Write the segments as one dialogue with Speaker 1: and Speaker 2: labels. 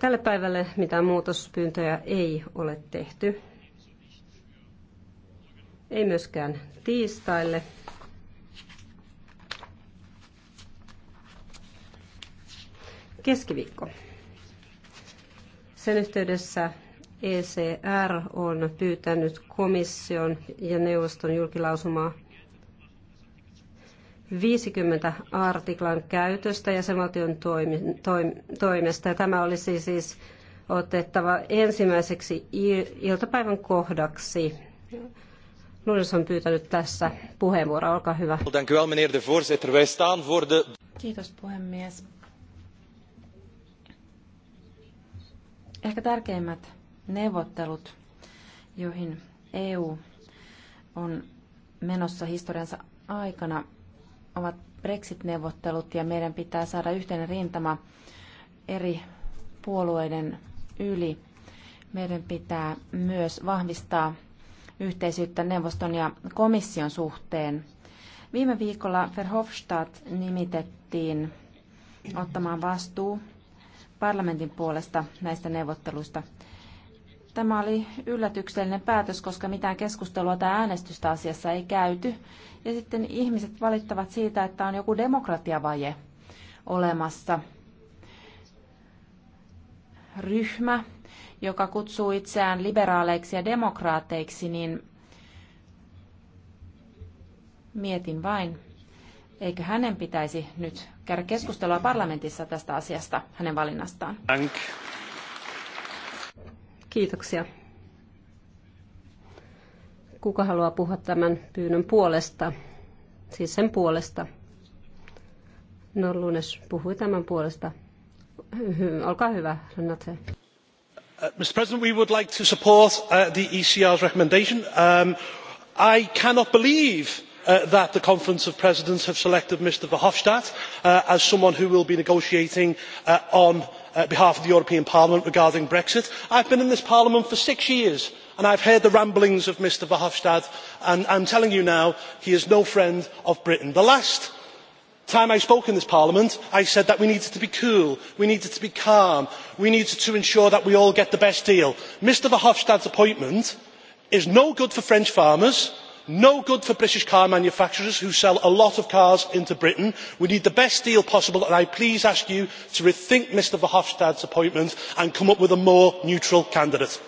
Speaker 1: Tälle päivälle mitään muutospyyntöjä ei ole tehty. Ei myöskään tiistaille. Keskiviikko. Sen yhteydessä ECR on pyytänyt komission ja neuvoston julkilausumaa 50 artiklan käytöstä jäsenvaltion toimi, toim, toimesta. Ja tämä olisi siis otettava ensimmäiseksi iltapäivän kohdaksi. Nunes on pyytänyt tässä puheenvuoroa. Olkaa hyvä. Kiitos puhemies.
Speaker 2: Ehkä tärkeimmät neuvottelut, joihin EU on menossa historiansa aikana, ovat Brexit-neuvottelut ja meidän pitää saada yhteinen rintama eri puolueiden yli. Meidän pitää myös vahvistaa yhteisyyttä neuvoston ja komission suhteen. Viime viikolla Verhofstadt nimitettiin ottamaan vastuu parlamentin puolesta näistä neuvotteluista. Tämä oli yllätyksellinen päätös, koska mitään keskustelua tai äänestystä asiassa ei käyty. Ja sitten ihmiset valittavat siitä, että on joku demokratiavaje olemassa. Ryhmä, joka kutsuu itseään liberaaleiksi ja demokraateiksi, niin mietin vain, eikö hänen pitäisi nyt käydä keskustelua parlamentissa tästä asiasta, hänen valinnastaan.
Speaker 1: Kiitoksia. Kuka haluaa puhua tämän pyynnön puolesta? Siis sen puolesta. No Lunes puhui tämän puolesta. Olkaa hyvä, Renate. Uh,
Speaker 2: mr President, we would like to support uh, the ECR's recommendation. Um, I cannot believe Uh, that the conference of presidents have selected mr verhofstadt uh, as someone who will be negotiating uh, on Uh, behalf of the european parliament regarding brexit. i have been in this parliament for six years and i have heard the ramblings of
Speaker 1: mr verhofstadt and i am telling you now he is no friend of britain. the last time i spoke in this parliament i said that we needed to be cool we needed to be calm we needed to ensure that we all get the best deal. mr verhofstadt's appointment is no good
Speaker 2: for french farmers; no good for british car manufacturers who sell a lot of cars into britain. we need the best deal possible and i please ask you to rethink mr verhofstadt's appointment and come up with a more neutral candidate.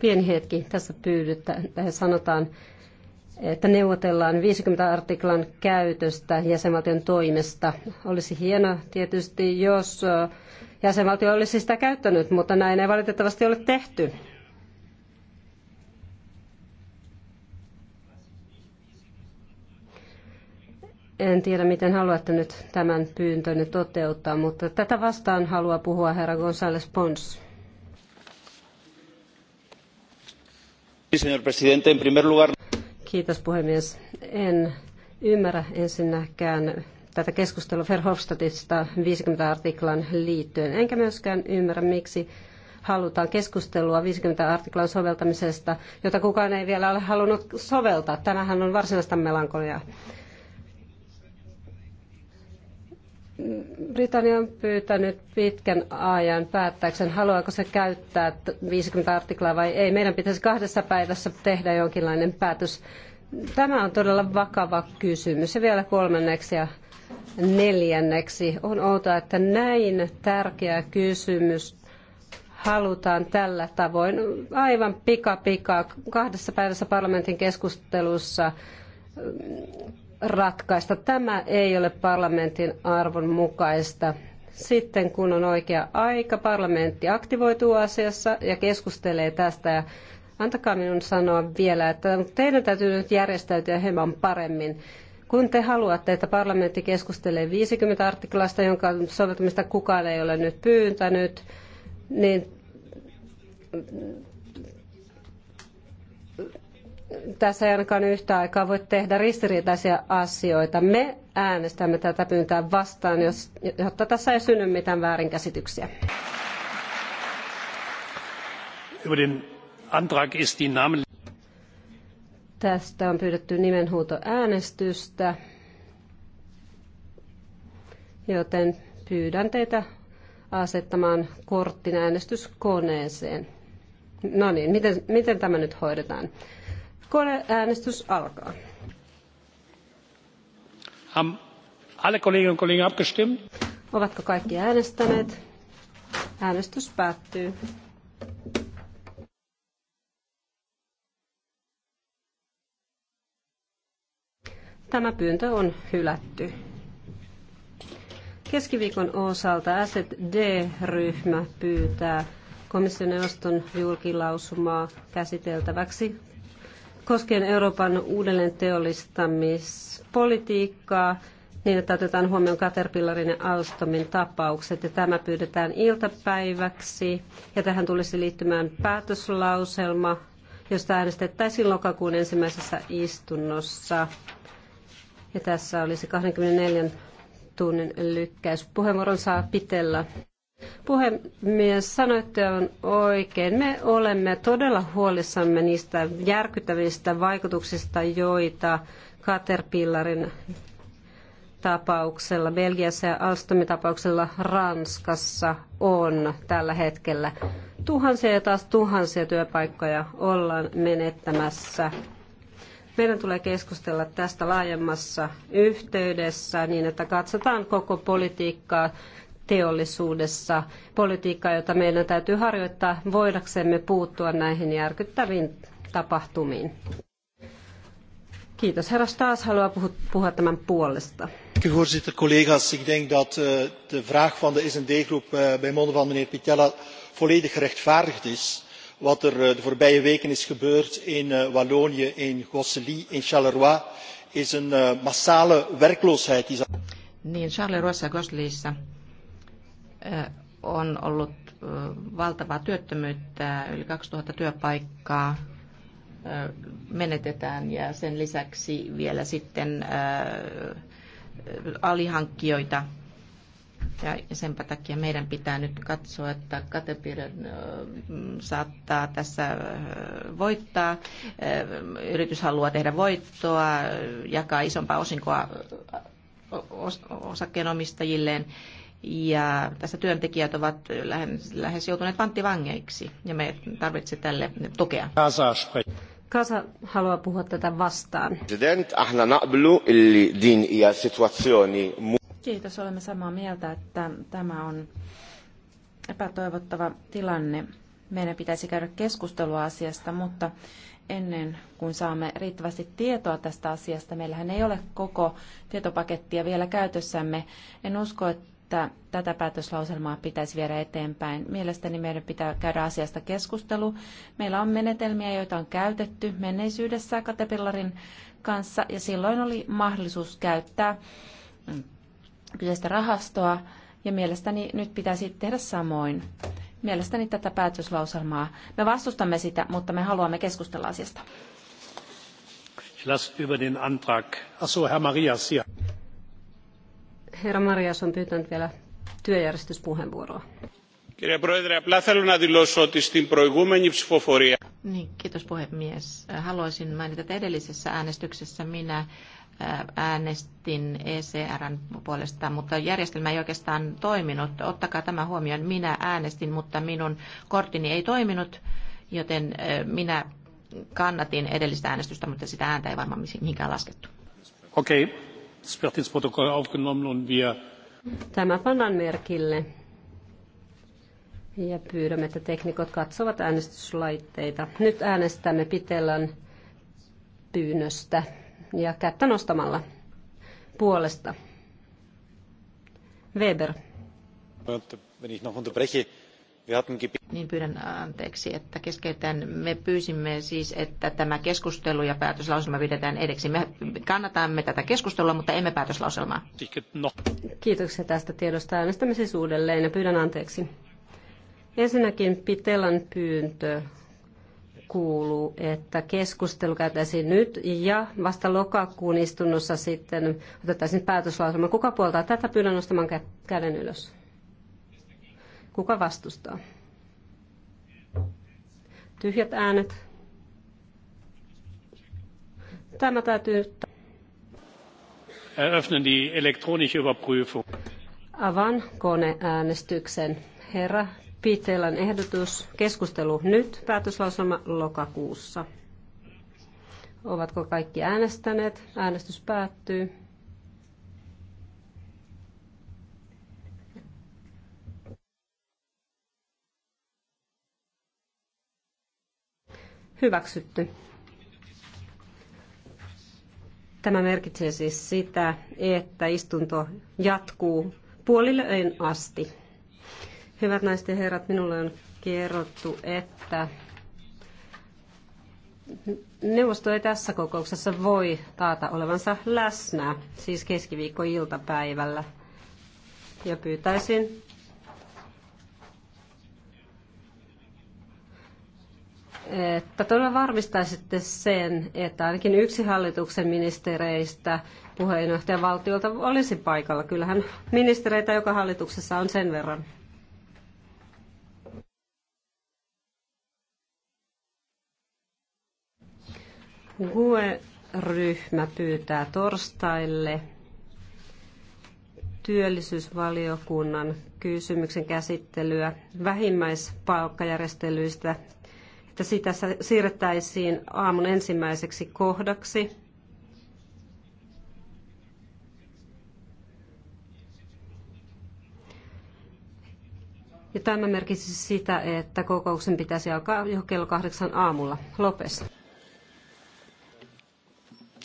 Speaker 1: pieni hetki tässä pyydetään sanotaan että neuvotellaan 50 artiklan käytöstä jäsenvaltion toimesta. Olisi hienoa tietysti, jos jäsenvaltio olisi sitä käyttänyt, mutta näin ei valitettavasti ole tehty. En tiedä, miten haluatte nyt tämän pyyntöni toteuttaa, mutta tätä vastaan haluaa puhua herra González Pons. Kiitos puhemies. En ymmärrä ensinnäkään tätä keskustelua Verhofstadtista 50 artiklan liittyen. Enkä myöskään ymmärrä, miksi halutaan keskustelua 50 artiklan soveltamisesta, jota kukaan ei vielä ole halunnut soveltaa. Tämähän on varsinaista melankoliaa. Britannia on pyytänyt pitkän ajan päättääkseen, haluaako se käyttää 50 artiklaa vai ei. Meidän pitäisi kahdessa päivässä tehdä jonkinlainen päätös. Tämä on todella vakava kysymys. Ja vielä kolmanneksi ja neljänneksi. On outoa, että näin tärkeä kysymys halutaan tällä tavoin aivan pika pika kahdessa päivässä parlamentin keskustelussa mm, ratkaista. Tämä ei ole parlamentin arvon mukaista. Sitten kun on oikea aika, parlamentti aktivoituu asiassa ja keskustelee tästä. Ja antakaa minun sanoa vielä, että teidän täytyy nyt järjestäytyä hieman paremmin. Kun te haluatte, että parlamentti keskustelee 50 artiklasta, jonka soveltamista kukaan ei ole nyt pyyntänyt, niin tässä ei ainakaan yhtä aikaa voi tehdä ristiriitaisia asioita. Me äänestämme tätä pyyntöä vastaan, jos, jotta tässä ei synny mitään väärinkäsityksiä.
Speaker 2: Über den Antrag ist die Namen
Speaker 1: Tästä on pyydetty nimenhuutoäänestystä, joten pyydän teitä asettamaan korttin äänestyskoneeseen. No niin, miten, miten tämä nyt hoidetaan? Koneäänestys alkaa.
Speaker 2: Am alle kollegen und Kollegen abgestimmt?
Speaker 1: Ovatko kaikki äänestäneet? Äänestys päättyy. Tämä pyyntö on hylätty. Keskiviikon osalta d ryhmä pyytää komission neuvoston julkilausumaa käsiteltäväksi koskien Euroopan uudelleen teollistamispolitiikkaa niin, että otetaan huomioon Caterpillarin ja Alstomin tapaukset. Ja tämä pyydetään iltapäiväksi ja tähän tulisi liittymään päätöslauselma, josta äänestettäisiin lokakuun ensimmäisessä istunnossa. Ja tässä olisi 24 tunnin lykkäys. Puheenvuoron saa pitellä. Puhemies, sanoitte on oikein. Me olemme todella huolissamme niistä järkyttävistä vaikutuksista, joita Caterpillarin tapauksella, Belgiassa ja Alstomin tapauksella Ranskassa on tällä hetkellä. Tuhansia ja taas tuhansia työpaikkoja ollaan menettämässä meidän tulee keskustella tästä laajemmassa yhteydessä niin, että katsotaan koko politiikkaa teollisuudessa, politiikkaa, jota meidän täytyy harjoittaa voidaksemme puuttua näihin järkyttäviin tapahtumiin. Kiitos. Herra Staas haluaa puhua, puhua tämän puolesta.
Speaker 2: Voorzitter, collega's, ik denk dat eh, de vraag van de S&D-groep eh, bij monden van meneer Pitella volledig gerechtvaardigd is wat er eh, de voorbije weken is gebeurd in eh, wallonië in gosselies in charleroi is een eh, massale werkloosheid.
Speaker 3: Niin, Charleroi ja Gosseliissa on ollut valtavaa työttömyyttä, yli 2000 työpaikkaa menetetään ja sen lisäksi vielä sitten alihankkijoita ja senpä takia meidän pitää nyt katsoa, että Caterpillar mm, saattaa tässä voittaa. Yritys haluaa tehdä voittoa, jakaa isompaa osinkoa osakkeenomistajilleen. Ja tässä työntekijät ovat lähes joutuneet panttivangeiksi ja me tarvitsemme tälle tukea. Kasa haluaa puhua tätä vastaan.
Speaker 2: Kiitos, olemme samaa mieltä, että tämä on epätoivottava tilanne. Meidän pitäisi käydä keskustelua asiasta, mutta ennen kuin saamme riittävästi tietoa tästä asiasta, meillähän ei ole koko tietopakettia vielä käytössämme. En usko, että tätä päätöslauselmaa pitäisi viedä eteenpäin. Mielestäni meidän pitää käydä asiasta keskustelu. Meillä on menetelmiä, joita on käytetty menneisyydessä Katepillarin kanssa, ja silloin oli mahdollisuus käyttää kyseistä rahastoa ja mielestäni nyt pitäisi tehdä samoin. Mielestäni tätä päätöslauselmaa. Me vastustamme sitä, mutta me haluamme
Speaker 1: keskustella asiasta. Herra Marias on pyytänyt vielä työjärjestyspuheenvuoroa. Niin, kiitos
Speaker 3: puhemies. Haluaisin mainita, että edellisessä äänestyksessä minä äänestin ECRn puolesta, mutta järjestelmä ei oikeastaan toiminut. Ottakaa tämä huomioon. Minä äänestin, mutta minun korttini ei toiminut, joten minä kannatin edellistä äänestystä, mutta sitä ääntä ei varmaan mihinkään laskettu.
Speaker 2: Okei. Okay.
Speaker 1: Tämä pannaan merkille. Ja pyydämme, että teknikot katsovat äänestyslaitteita. Nyt äänestämme Pitelän pyynnöstä ja kättä nostamalla puolesta. Weber.
Speaker 3: Niin pyydän anteeksi, että keskeytän. Me pyysimme siis, että tämä keskustelu ja päätöslauselma pidetään edeksi. Me kannatamme tätä keskustelua, mutta emme päätöslauselmaa.
Speaker 1: Kiitoksia tästä tiedosta. Äänestämme siis uudelleen ja pyydän anteeksi. Ensinnäkin Pitelan pyyntö kuuluu, että keskustelu käytäisiin nyt ja vasta lokakuun istunnossa sitten otettaisiin päätöslauselma. Kuka puoltaa tätä? Pyydän nostamaan käden ylös. Kuka vastustaa? Tyhjät äänet. Tämä täytyy...
Speaker 2: Eröffnen die elektronische Überprüfung.
Speaker 1: Avan koneäänestyksen. Herra Piiteilän ehdotus. Keskustelu nyt. Päätöslauselma lokakuussa. Ovatko kaikki äänestäneet? Äänestys päättyy. Hyväksytty. Tämä merkitsee siis sitä, että istunto jatkuu puolille asti. Hyvät naiset ja herrat, minulle on kerrottu, että neuvosto ei tässä kokouksessa voi taata olevansa läsnä, siis keskiviikkoiltapäivällä. Ja pyytäisin että todella varmistaisitte sen, että ainakin yksi hallituksen ministereistä puheenjohtajan valtiolta olisi paikalla. Kyllähän ministereitä joka hallituksessa on sen verran. hue ryhmä pyytää torstaille työllisyysvaliokunnan kysymyksen käsittelyä vähimmäispalkkajärjestelyistä, että sitä siirrettäisiin aamun ensimmäiseksi kohdaksi. Ja tämä merkitsi sitä, että kokouksen pitäisi alkaa jo kello kahdeksan aamulla. Lopes.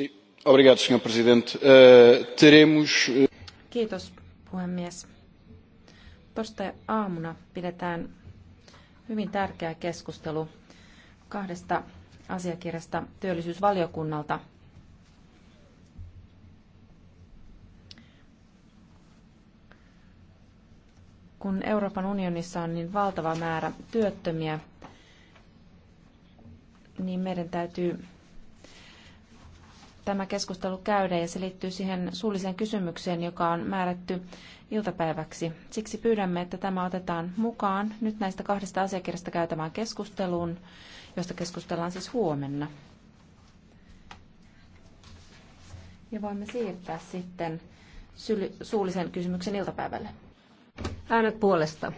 Speaker 2: Eh,
Speaker 1: eh,
Speaker 2: Kiitos, puhemies. Torstai aamuna pidetään hyvin tärkeä keskustelu kahdesta asiakirjasta työllisyysvaliokunnalta. Kun Euroopan unionissa on niin valtava määrä työttömiä, niin meidän täytyy tämä keskustelu käydä ja se liittyy siihen suulliseen kysymykseen, joka on määrätty iltapäiväksi. Siksi pyydämme, että tämä otetaan mukaan nyt näistä kahdesta asiakirjasta käytävään keskusteluun, josta keskustellaan siis huomenna. Ja voimme siirtää
Speaker 1: sitten suullisen kysymyksen iltapäivälle. Äänet puolesta.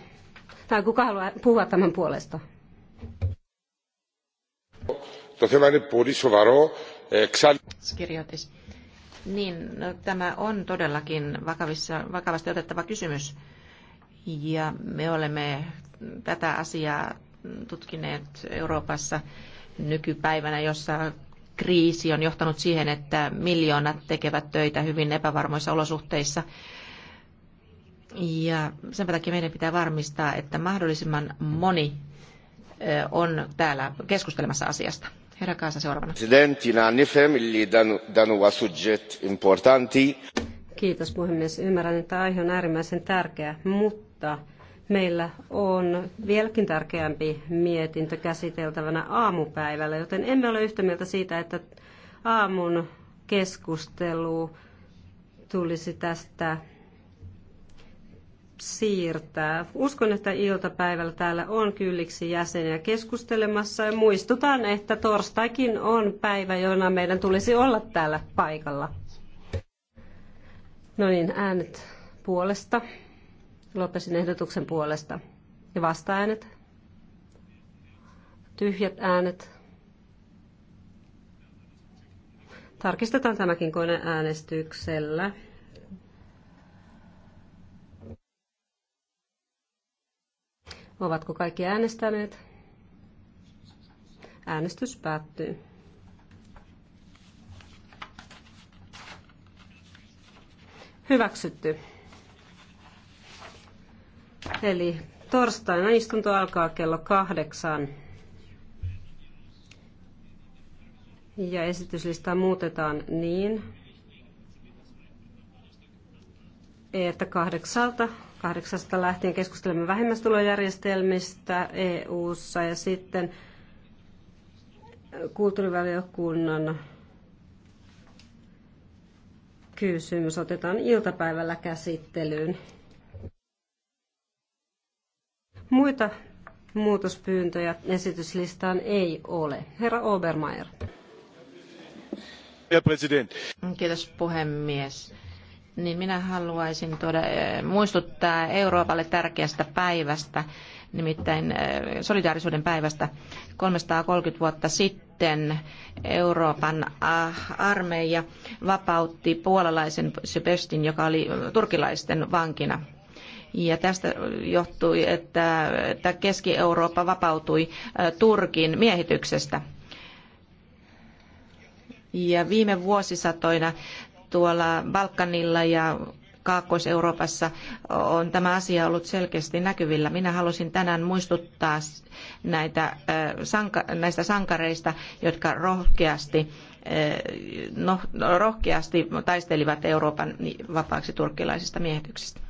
Speaker 1: Tai kuka haluaa puhua tämän puolesta? Το θέμα είναι πολύ Eh, ksal... Skiriotis. Niin, no,
Speaker 3: tämä on todellakin vakavissa, vakavasti otettava kysymys. Ja me olemme tätä asiaa tutkineet Euroopassa nykypäivänä, jossa kriisi on johtanut siihen, että miljoonat tekevät töitä hyvin epävarmoissa olosuhteissa. Ja sen takia meidän pitää varmistaa, että mahdollisimman moni on täällä keskustelemassa asiasta.
Speaker 1: Herra Kaasa seuraavana. Kiitos puhemies. Ymmärrän, että aihe on äärimmäisen tärkeä, mutta meillä on vieläkin tärkeämpi mietintö käsiteltävänä aamupäivällä, joten emme ole yhtä mieltä siitä, että aamun keskustelu tulisi tästä siirtää. Uskon, että iltapäivällä täällä on kylliksi jäseniä keskustelemassa ja muistutan, että torstaikin on päivä, jona meidän tulisi olla täällä paikalla. No niin, äänet puolesta. Lopesin ehdotuksen puolesta. Ja vasta-äänet? Tyhjät äänet? Tarkistetaan tämäkin koneäänestyksellä. äänestyksellä. Ovatko kaikki äänestäneet? Äänestys päättyy. Hyväksytty. Eli torstaina istunto alkaa kello kahdeksan. Ja esityslistaa muutetaan niin, että kahdeksalta kahdeksasta lähtien keskustelemme vähimmäistulojärjestelmistä EU-ssa ja sitten kulttuurivaliokunnan kysymys otetaan iltapäivällä käsittelyyn. Muita muutospyyntöjä esityslistaan ei ole. Herra Obermeier. Kiitos puhemies
Speaker 3: niin minä haluaisin tuoda, eh, muistuttaa Euroopalle tärkeästä päivästä, nimittäin eh, solidaarisuuden päivästä 330 vuotta sitten Euroopan ah, armeija vapautti puolalaisen Sebestin, joka oli turkilaisten vankina. Ja tästä johtui, että, että Keski-Eurooppa vapautui eh, Turkin miehityksestä. Ja viime vuosisatoina tuolla Balkanilla ja Kaakkois-Euroopassa on tämä asia ollut selkeästi näkyvillä. Minä halusin tänään muistuttaa näitä, näistä sankareista, jotka rohkeasti, no, rohkeasti taistelivat Euroopan vapaaksi turkkilaisista miehityksistä.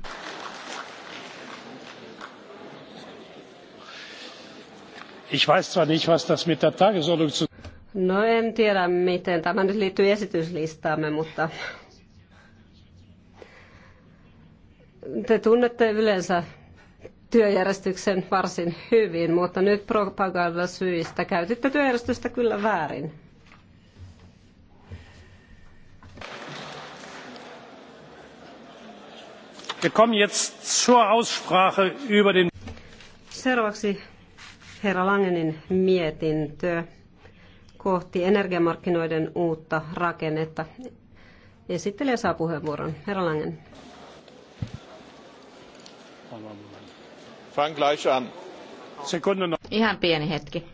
Speaker 2: Ich weiß zwar nicht, was das mit der Tagesordnung zu
Speaker 1: No en tiedä miten. Tämä nyt liittyy esityslistaamme, mutta te tunnette yleensä työjärjestyksen varsin hyvin, mutta nyt propagandasyistä käytitte työjärjestystä kyllä väärin.
Speaker 2: Wir kommen jetzt zur Aussprache über den
Speaker 1: Seuraavaksi herra Langenin mietintö kohti energiamarkkinoiden uutta rakennetta. Esittelijä saa puheenvuoron. Herra Langen.
Speaker 3: Ihan pieni hetki.